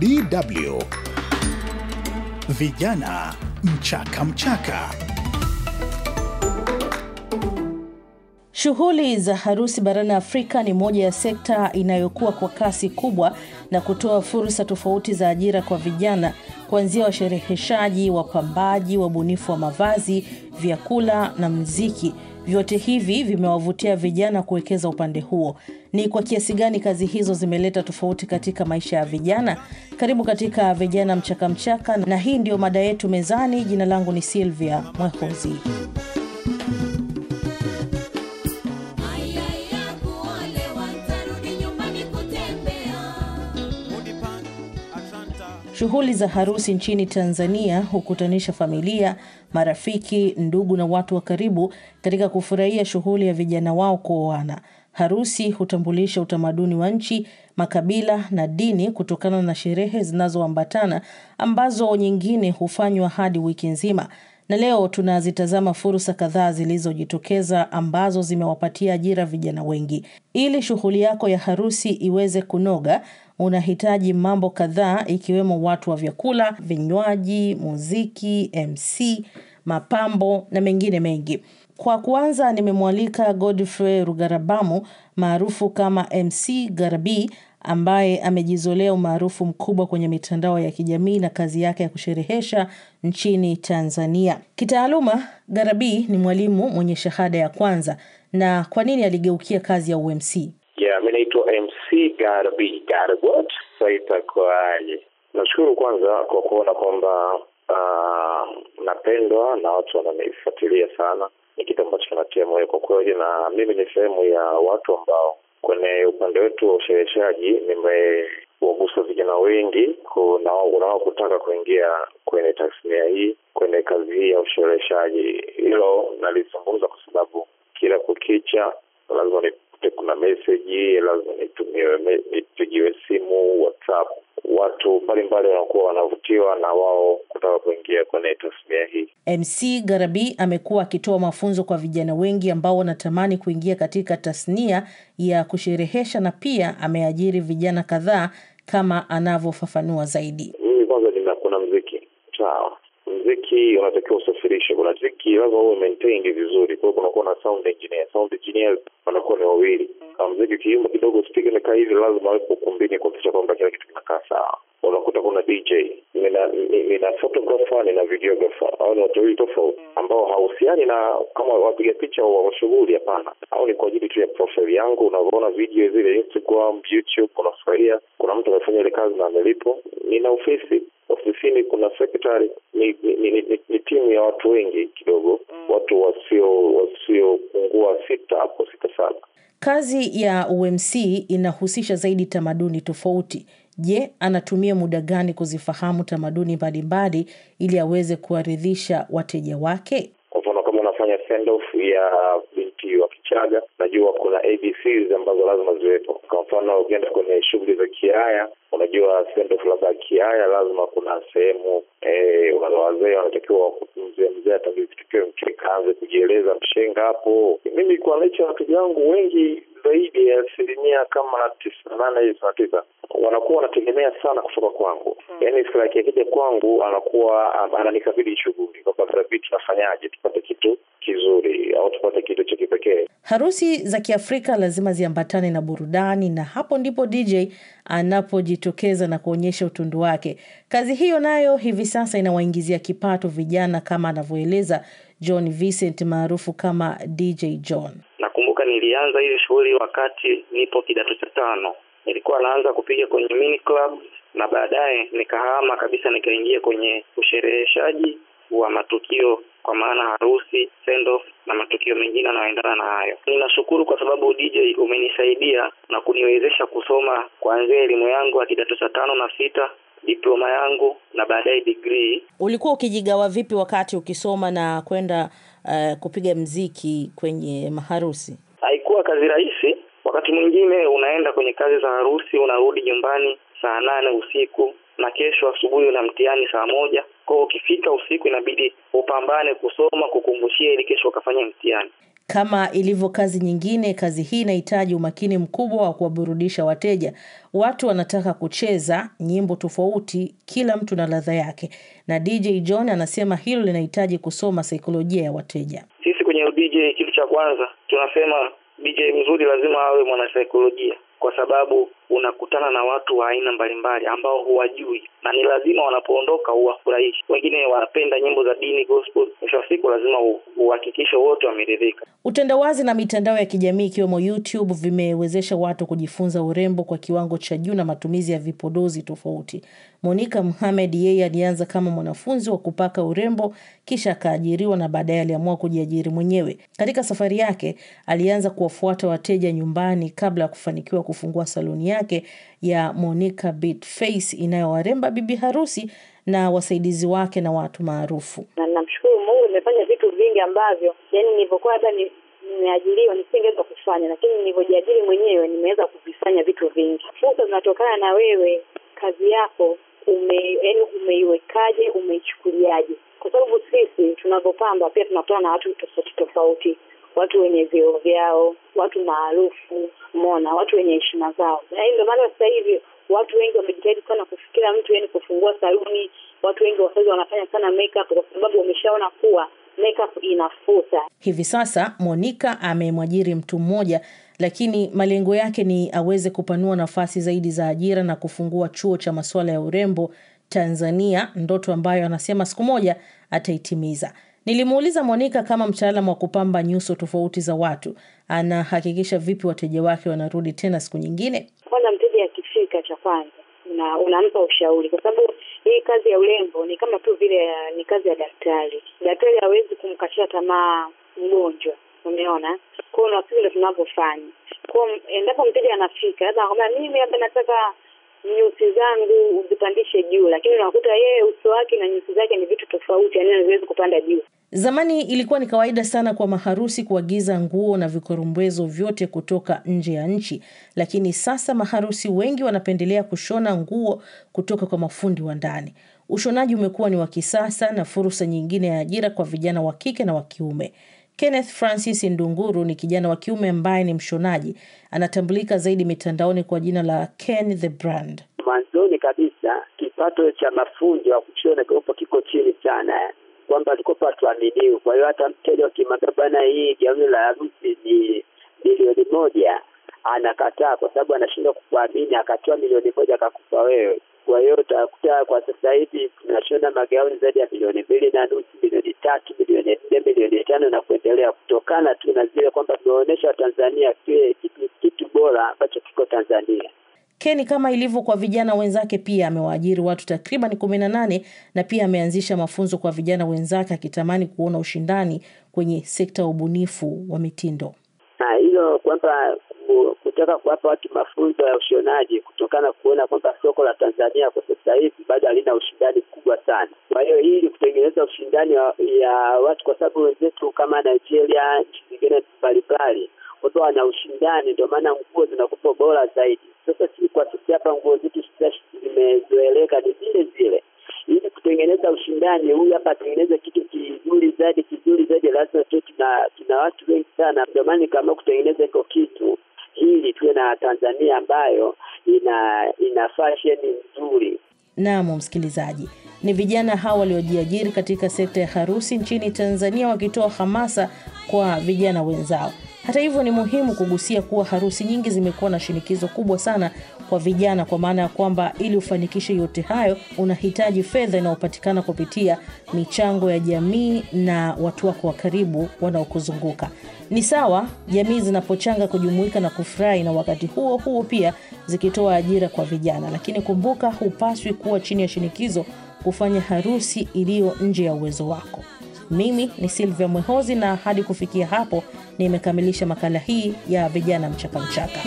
DW Vijana Mchaka Mchaka. Shughuli za harusi barani Afrika ni moja ya sekta inayokuwa kwa kasi kubwa na kutoa fursa tofauti za ajira kwa vijana kuanzia washereheshaji, wapambaji, wabunifu wa mavazi, vyakula na mziki. Vyote hivi vimewavutia vijana kuwekeza upande huo. Ni kwa kiasi gani kazi hizo zimeleta tofauti katika maisha ya vijana? Karibu katika Vijana Mchakamchaka, na hii ndiyo mada yetu mezani. Jina langu ni Silvia Mwehozi. Shughuli za harusi nchini Tanzania hukutanisha familia, marafiki, ndugu na watu wa karibu katika kufurahia shughuli ya vijana wao kuoana. Harusi hutambulisha utamaduni wa nchi, makabila na dini kutokana na sherehe zinazoambatana ambazo nyingine hufanywa hadi wiki nzima. Na leo tunazitazama fursa kadhaa zilizojitokeza ambazo zimewapatia ajira vijana wengi. Ili shughuli yako ya harusi iweze kunoga, unahitaji mambo kadhaa ikiwemo watu wa vyakula, vinywaji, muziki, MC, mapambo na mengine mengi. Kwa kuanza, nimemwalika Godfrey Rugarabamu maarufu kama MC garabi ambaye amejizolea umaarufu mkubwa kwenye mitandao ya kijamii na kazi yake ya kusherehesha nchini Tanzania. Kitaaluma, Garabi ni mwalimu mwenye shahada ya kwanza. Na kwa nini aligeukia kazi ya UMC? Yeah, mi naitwa MC Garabii Garabot ali. Nashukuru kwanza kwa kuona kwamba uh, napendwa na watu wananifuatilia sana. Ni kitu ambacho kinatia moyo kwa kweli, na mimi ni sehemu ya watu ambao Kwenye upande wetu wa ushereheshaji, nimewagusa vijana wengi kutaka kuingia kwenye tasnia hii, kwenye kazi hii ya ushereheshaji. Hilo nalizungumza kwa sababu kila kukicha lazima kuna meseji lazima nitumiwe, nipigiwe simu, WhatsApp. Watu mbalimbali wanakuwa wanavutiwa na wao kutaka kuingia kwenye tasnia hii. MC Garabi amekuwa akitoa mafunzo kwa vijana wengi ambao wanatamani kuingia katika tasnia ya kusherehesha na pia ameajiri vijana kadhaa kama anavyofafanua zaidi. Mimi kwanza nina kuna mziki sawa muziki unatakiwa usafirishe. Kuna muziki lazima uwe maintained vizuri, kwa hiyo kunakuwa na sound engineer. Sound engineer wanakuwa ni wawili. Kama muziki ukiimba kidogo spika imekaa hivi, lazima awepo ukumbini kuhakikisha kwamba kila kitu kinakaa sawa. Unakuta kuna DJ, nina photographer, nina videographer, au ni watu wawili tofauti ambao hahusiani na kama wapiga picha wa hapana, au ni kwa ajili tu ya profile yangu. Unavyoona video zile Instagram, YouTube, unafurahia kuna mtu amefanya ile kazi na amelipo. Nina ofisi ofisini kuna sekretari ni, ni, ni, ni, ni timu ya watu wengi kidogo mm. watu wasio wasiopungua sita hapo sita saba kazi ya umc inahusisha zaidi tamaduni tofauti je anatumia muda gani kuzifahamu tamaduni mbalimbali ili aweze kuwaridhisha wateja wake kwa mfano kama unafanya ya Chaga, najua kuna ABCs ambazo lazima ziwepo. Kwa mfano, ukienda kwenye shughuli za kiaya, unajua sendoff labda kiaya, lazima kuna sehemu eh, wazee wanatakiwa mzee mzee atakitukiwe mkeka aanze kujieleza mshenga hapo. Mimi kwa nature watu wangu wengi zaidi ya asilimia kama tisini na nane hivi tisa wanakuwa wanategemea sana kutoka kwangu mm. Yani akija kwangu anakuwa ananikabidi shughuli kwamba Rabii, tunafanyaje tupate kitu kizuri au tupate kitu cha kipekee. Harusi za Kiafrika lazima ziambatane na burudani, na hapo ndipo DJ anapojitokeza na kuonyesha utundu wake. Kazi hiyo nayo hivi sasa inawaingizia kipato vijana, kama anavyoeleza John Vincent maarufu kama DJ John. Nakumbuka nilianza hii shughuli wakati nipo kidato cha tano nilikuwa naanza kupiga kwenye mini club na baadaye nikahama kabisa nikaingia kwenye ushereheshaji wa matukio kwa maana harusi, send off na matukio mengine yanayoendana na hayo. Ninashukuru kwa sababu DJ umenisaidia na kuniwezesha kusoma kuanzia elimu yangu ya kidato cha tano na sita diploma yangu na baadaye degree. Ulikuwa ukijigawa vipi wakati ukisoma na kwenda uh, kupiga mziki kwenye maharusi? Haikuwa kazi rahisi Wakati mwingine unaenda kwenye kazi za harusi, unarudi nyumbani saa nane usiku na kesho asubuhi una mtihani saa moja. Kwa ukifika usiku inabidi upambane kusoma, kukumbushia ili kesho ukafanya mtihani. Kama ilivyo kazi nyingine, kazi hii inahitaji umakini mkubwa wa kuwaburudisha wateja. Watu wanataka kucheza nyimbo tofauti, kila mtu na ladha yake, na DJ John anasema hilo linahitaji kusoma saikolojia ya wateja. Sisi kwenye DJ, kitu cha kwanza tunasema DJ mzuri lazima awe mwanasaikolojia kwa sababu unakutana na watu wa aina mbalimbali ambao huwajui, na ni lazima wanapoondoka huwafurahishi. Wengine wanapenda nyimbo za dini gospel. Mwisho wa siku lazima uhakikishe wote wameridhika. Utendawazi na mitandao ya kijamii ikiwemo YouTube vimewezesha watu kujifunza urembo kwa kiwango cha juu na matumizi ya vipodozi tofauti. monika mhamed yeye alianza kama mwanafunzi wa kupaka urembo, kisha akaajiriwa na baadaye aliamua kujiajiri mwenyewe. Katika safari yake alianza kuwafuata wateja nyumbani kabla ya kufanikiwa kufungua saluni yake ya Monica face inayowaremba bibi harusi na wasaidizi wake na watu maarufu. Na namshukuru Mungu, nimefanya vitu vingi ambavyo yani nilivyokuwa labda ni nimeajiriwa nisingeweza kufanya, lakini nilivyojiajiri mwenyewe nimeweza kuvifanya vitu vingi. Fursa zinatokana na wewe, kazi yako ume, yani umeiwekaje, umeichukuliaje? Kwa sababu sisi tunavyopamba pia tunakutana na watu tofauti tofauti watu wenye vyeo vyao, watu maarufu, mona watu wenye heshima zao. Na ndio maana sasa hivi watu wengi wamejitahidi sana kufikira mtu yani kufungua saluni. Watu wengi wasazi wanafanya sana makeup kwa sababu wameshaona kuwa makeup inafuta. Hivi sasa monika amemwajiri mtu mmoja, lakini malengo yake ni aweze kupanua nafasi zaidi za ajira na kufungua chuo cha masuala ya urembo Tanzania, ndoto ambayo anasema siku moja ataitimiza. Nilimuuliza monika kama mtaalamu wa kupamba nyuso tofauti za watu anahakikisha vipi wateja wake wanarudi tena siku nyingine. Kwanza mteja akifika, cha kwanza una, unampa ushauri, kwa sababu hii kazi ya urembo ni kama tu vile ni kazi ya daktari. Daktari hawezi kumkatia tamaa mgonjwa, umeona? Kwa hiyo ndo tunavyofanya. kwao endapo mteja anafika, labda mimi labda nataka nyusi zangu uzipandishe juu, lakini unakuta yeye uso wake na nyusi zake ni vitu tofauti, yani haziwezi kupanda juu. Zamani ilikuwa ni kawaida sana kwa maharusi kuagiza nguo na vikorombwezo vyote kutoka nje ya nchi, lakini sasa maharusi wengi wanapendelea kushona nguo kutoka kwa mafundi wa ndani. Ushonaji umekuwa ni wa kisasa na fursa nyingine ya ajira kwa vijana wa kike na wa kiume. Kenneth Francis Ndunguru ni kijana wa kiume ambaye ni mshonaji, anatambulika zaidi mitandaoni kwa jina la Ken the Brand. Mwanzoni kabisa kipato cha mafundi wa kushona kilikuwa kiko chini sana, kwamba alikuwa hatuaminiwi. Kwa hiyo hata mteja ukimwambia bana hii gauni la harusi ni milioni moja, anakataa kwa sababu anashindwa kukuamini, akatoa milioni moja akakupa wewe. Kwa hiyo utakuta kwa sasa hivi tunashona magauni zaidi ya milioni mbili na nusu, milioni tatu, milioni nne, milioni tano na kuendelea, kutokana tu na zile kwamba tumeonyesha Watanzania kile kitu, kitu bora ambacho kiko Tanzania. Keni kama ilivyo kwa vijana wenzake pia amewaajiri watu takriban kumi na nane na pia ameanzisha mafunzo kwa vijana wenzake akitamani kuona ushindani kwenye sekta ya ubunifu wa mitindo. Hilo kwamba kutaka kuwapa watu mafunzo ya ushonaji kutokana kuona kwamba soko la Tanzania kwa sasa hivi bado halina ushindani mkubwa sana. Kwa hiyo ili kutengeneza ushindani wa, ya watu, kwa sababu wenzetu kama Nigeria, nchi zingine mbalimbali watu wana ushindani, ndio maana nguo zinakupa bora zaidi. Sasa si kwa sisi hapa nguo zetu zimezoeleka ni zile zile. Ili kutengeneza ushindani, huyu hapa atengeneze kitu kizuri zaidi, kizuri zaidi, lazima tuwe tuna watu wengi sana. Ndio maana nikaamua kutengeneza hiko kitu ili tuwe na Tanzania ambayo ina ina fashion nzuri. Naam, msikilizaji, ni vijana hawa waliojiajiri katika sekta ya harusi nchini Tanzania wakitoa hamasa kwa vijana wenzao. Hata hivyo, ni muhimu kugusia kuwa harusi nyingi zimekuwa na shinikizo kubwa sana kwa vijana, kwa maana ya kwamba ili ufanikishe yote hayo unahitaji fedha inayopatikana kupitia michango ya jamii na watu wako wa karibu wanaokuzunguka. Ni sawa jamii zinapochanga kujumuika na kufurahi, na wakati huo huo pia zikitoa ajira kwa vijana, lakini kumbuka, hupaswi kuwa chini ya shinikizo kufanya harusi iliyo nje ya uwezo wako. Mimi ni Silvia Mwehozi, na hadi kufikia hapo nimekamilisha makala hii ya vijana mchaka mchaka.